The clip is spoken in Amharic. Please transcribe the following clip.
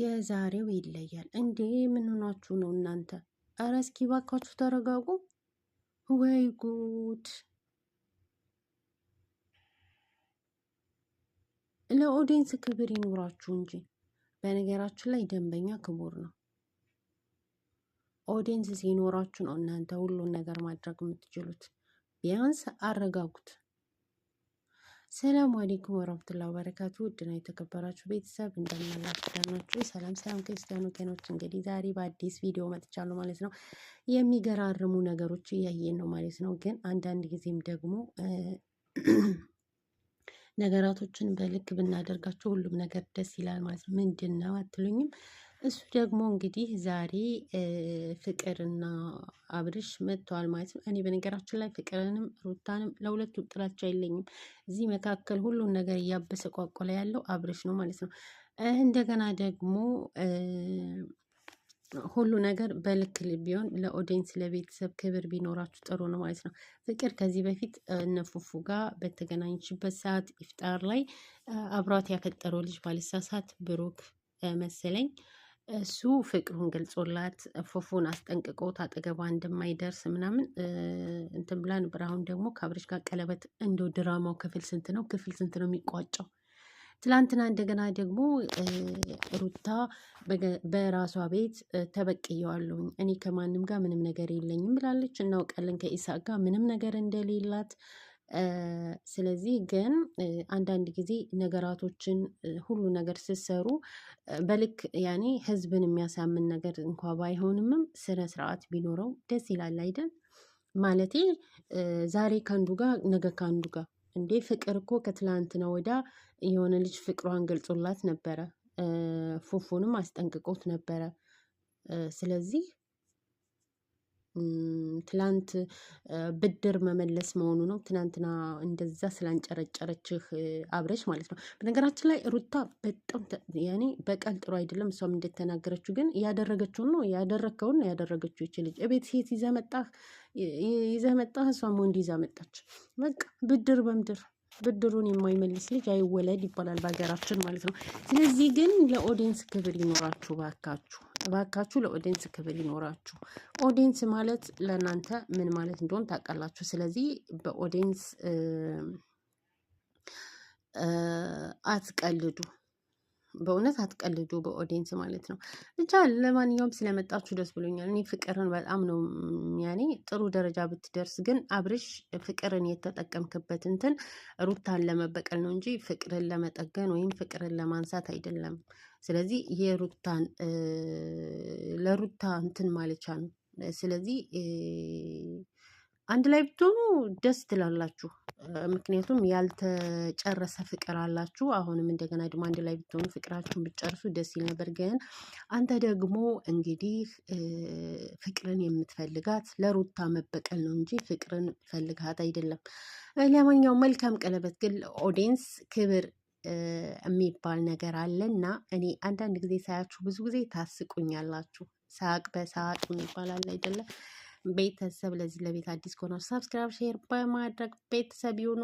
የዛሬው ይለያል እንዴ? ምን ሆናችሁ ነው እናንተ? እረ እስኪ ባካችሁ ተረጋጉ። ወይ ጉድ! ለኦዲንስ ክብር ይኖራችሁ እንጂ። በነገራችሁ ላይ ደንበኛ ክቡር ነው። ኦዲንስ ሲኖራችሁ ነው እናንተ ሁሉን ነገር ማድረግ የምትችሉት። ቢያንስ አረጋጉት። ሰላም አሌይኩም ወረህመቱላሂ ወበረካቱ። ውድና የተከበራችሁ ቤተሰብ እንደምናላችሁ ሰላም ሰላም፣ ክርስቲያኑ ጤኖች። እንግዲህ ዛሬ በአዲስ ቪዲዮ መጥቻለሁ ማለት ነው። የሚገራርሙ ነገሮች እያየን ነው ማለት ነው። ግን አንዳንድ ጊዜም ደግሞ ነገራቶችን በልክ ብናደርጋቸው ሁሉም ነገር ደስ ይላል ማለት ነው። ምንድን ነው አትሉኝም? እሱ ደግሞ እንግዲህ ዛሬ ፍቅርና አብርሽ መጥተዋል ማለት ነው። እኔ በነገራችን ላይ ፍቅርንም ሩታንም ለሁለቱ ጥላቻ የለኝም። እዚህ መካከል ሁሉን ነገር እያበሰ ቋቆላ ያለው አብርሽ ነው ማለት ነው። እንደገና ደግሞ ሁሉ ነገር በልክ ቢሆን ለኦዲየንስ ለቤተሰብ ክብር ቢኖራችሁ ጥሩ ነው ማለት ነው። ፍቅር ከዚህ በፊት እነፉፉ ጋር በተገናኝችበት ሰዓት ኢፍጣር ላይ አብሯት ያከጠረው ልጅ ባልሳሳት ብሩክ መሰለኝ እሱ ፍቅሩን ገልጾላት ፎፎን አስጠንቅቆት አጠገቧ እንደማይደርስ ምናምን እንትን ብላ ነበር። አሁን ደግሞ ከአብርሽ ጋር ቀለበት እንደው ድራማው ክፍል ስንት ነው? ክፍል ስንት ነው የሚቋጨው? ትላንትና እንደገና ደግሞ ሩታ በራሷ ቤት ተበቅየዋለሁኝ እኔ ከማንም ጋር ምንም ነገር የለኝም ብላለች። እናውቃለን ከኢሳቅ ጋር ምንም ነገር እንደሌላት ስለዚህ ግን አንዳንድ ጊዜ ነገራቶችን ሁሉ ነገር ስትሰሩ በልክ ያኔ ህዝብን የሚያሳምን ነገር እንኳ ባይሆንምም ስነ ስርዓት ቢኖረው ደስ ይላል አይደል? ማለቴ ዛሬ ከአንዱ ጋር ነገ ከአንዱ ጋር እንዴ ፍቅር እኮ ከትላንትና ወዳ የሆነ ልጅ ፍቅሯን ገልጾላት ነበረ። ፉፉንም አስጠንቅቆት ነበረ። ስለዚህ ትላንት ብድር መመለስ መሆኑ ነው። ትናንትና እንደዛ ስላንጨረጨረችህ አብረሽ ማለት ነው። በነገራችን ላይ ሩታ በጣም ያኔ በቀል ጥሩ አይደለም። እሷም እንደተናገረችው ግን ያደረገችውን ነው ያደረግከውን ነው ያደረገችው። ይች ልጅ እቤት ሴት ይዘመጣህ ይዘመጣህ እሷም ወንድ ይዘመጣች በቃ ብድር በምድር ብድሩን የማይመልስ ልጅ አይወለድ ይባላል በሀገራችን ማለት ነው። ስለዚህ ግን ለኦዲየንስ ክብር ይኖራችሁ ባካችሁ። እባካችሁ ለኦዲንስ ክብር ይኖራችሁ። ኦዲየንስ ማለት ለእናንተ ምን ማለት እንደሆን ታውቃላችሁ። ስለዚህ በኦዲየንስ አትቀልዱ። በእውነት አትቀልዱ፣ በኦዲየንስ ማለት ነው። ብቻ ለማንኛውም ስለመጣችሁ ደስ ብሎኛል። እኔ ፍቅርን በጣም ነው ያኔ ጥሩ ደረጃ ብትደርስ፣ ግን አብርሽ ፍቅርን የተጠቀምክበት እንትን ሩታን ለመበቀል ነው እንጂ ፍቅርን ለመጠገን ወይም ፍቅርን ለማንሳት አይደለም። ስለዚህ የሩታን ለሩታ እንትን ማለቻ ነው። ስለዚህ አንድ ላይ ብትሆኑ ደስ ትላላችሁ። ምክንያቱም ያልተጨረሰ ፍቅር አላችሁ። አሁንም እንደገና ደግሞ አንድ ላይ ብትሆኑ ፍቅራችሁን ብትጨርሱ ደስ ይል ነበር። ግን አንተ ደግሞ እንግዲህ ፍቅርን የምትፈልጋት ለሩታ መበቀል ነው እንጂ ፍቅርን ፈልጋት አይደለም። ለማንኛውም መልካም ቀለበት። ግን ኦዲንስ ክብር የሚባል ነገር አለ እና እኔ አንዳንድ ጊዜ ሳያችሁ ብዙ ጊዜ ታስቁኛላችሁ። ሳቅ በሳቅ የሚባል አለ አይደለም ቤተሰብ ለዚህ ለቤት አዲስ ከሆነ ሰብስክራይብ፣ ሼር በማድረግ ቤተሰብ ይሁኑ።